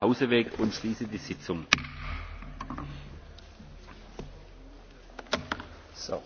hauseweg und schließe die sitzung. So.